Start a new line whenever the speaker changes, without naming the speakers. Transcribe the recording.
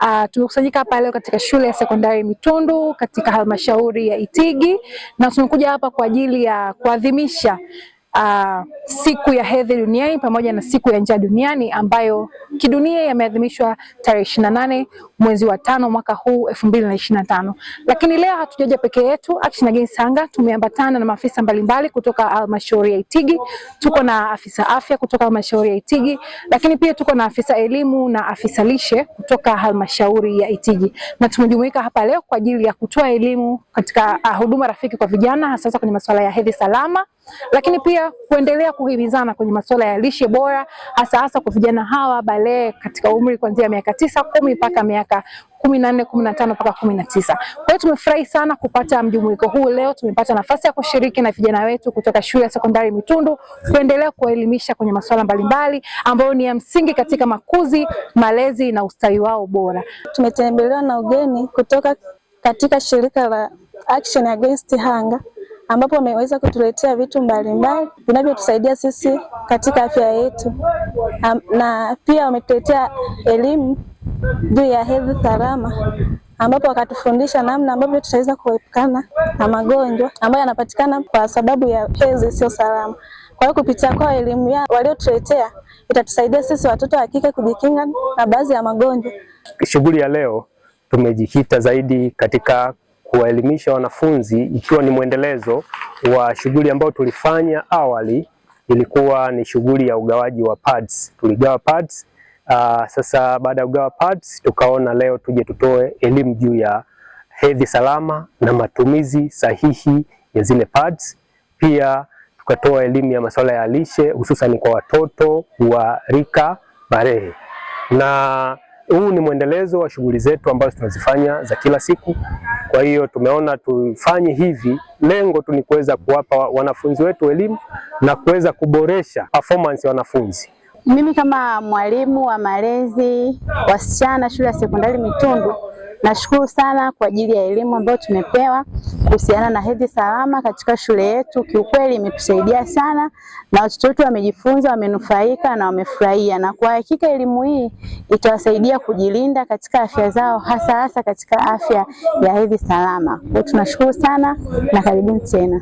Uh, tumekusanyika hapa leo katika shule ya sekondari Mitundu katika halmashauri ya Itigi na tumekuja hapa kwa ajili ya kuadhimisha uh, siku ya hedhi duniani pamoja na siku ya njaa duniani ambayo kidunia yameadhimishwa tarehe ishirini na nane mwezi wa tano mwaka huu elfu mbili na ishirini na tano. Lakini leo hatujaja peke yetu, Action Against Hunger tumeambatana na maafisa mbalimbali kutoka halmashauri ya Itigi. Tuko na afisa afya kutoka halmashauri ya Itigi, lakini pia tuko na afisa elimu na afisa lishe kutoka halmashauri ya Itigi, na tumejumuika hapa leo kwa ajili ya kutoa elimu katika uh, huduma rafiki kwa vijana hasa kwenye masuala ya hedhi salama lakini pia kuendelea kuhimizana kwenye masuala ya lishe bora, hasa hasa kwa vijana hawa bale katika umri kuanzia miaka tisa kumi mpaka miaka kumi na nne kumi na tano mpaka kumi na tisa. Kwa hiyo tumefurahi sana kupata mjumuiko huu leo. Tumepata nafasi ya kushiriki na vijana wetu kutoka shule ya sekondari Mitundu kuendelea kuwaelimisha kwenye masuala mbalimbali ambayo ni ya msingi katika makuzi, malezi na ustawi wao bora.
Tumetembelewa na ugeni kutoka katika shirika la Action Against Hunger ambapo wameweza kutuletea vitu mbalimbali vinavyotusaidia sisi katika afya yetu, na pia wametuletea elimu juu ya hedhi salama ambapo wakatufundisha namna ambavyo tutaweza kuepukana na magonjwa ambayo yanapatikana kwa sababu ya hedhi sio salama. Kwa hiyo kupitia kwa elimu yao waliotuletea itatusaidia sisi watoto wa kike kujikinga na baadhi ya magonjwa.
Shughuli ya leo tumejikita zaidi katika kuwaelimisha wanafunzi, ikiwa ni mwendelezo wa shughuli ambayo tulifanya awali. Ilikuwa ni shughuli ya ugawaji wa pads, tuligawa pads. Uh, sasa baada ya kugawa pads tukaona leo tuje tutoe elimu juu ya hedhi salama na matumizi sahihi ya zile pads. Pia tukatoa elimu ya masuala ya lishe hususan kwa watoto wa rika barehe na huu ni mwendelezo wa shughuli zetu ambazo tunazifanya za kila siku. Kwa hiyo tumeona tufanye hivi, lengo tu ni kuweza kuwapa wanafunzi wetu elimu na kuweza kuboresha performance ya wanafunzi.
Mimi kama mwalimu wa malezi wasichana shule ya sekondari Mitundu Nashukuru sana kwa ajili ya elimu ambayo tumepewa kuhusiana na hedhi salama katika shule yetu. Kiukweli imetusaidia sana na watoto wetu wamejifunza, wamenufaika na wamefurahia, na kwa hakika elimu hii itawasaidia kujilinda katika afya zao, hasa hasa katika afya ya hedhi salama. Kwa tunashukuru sana na karibuni tena.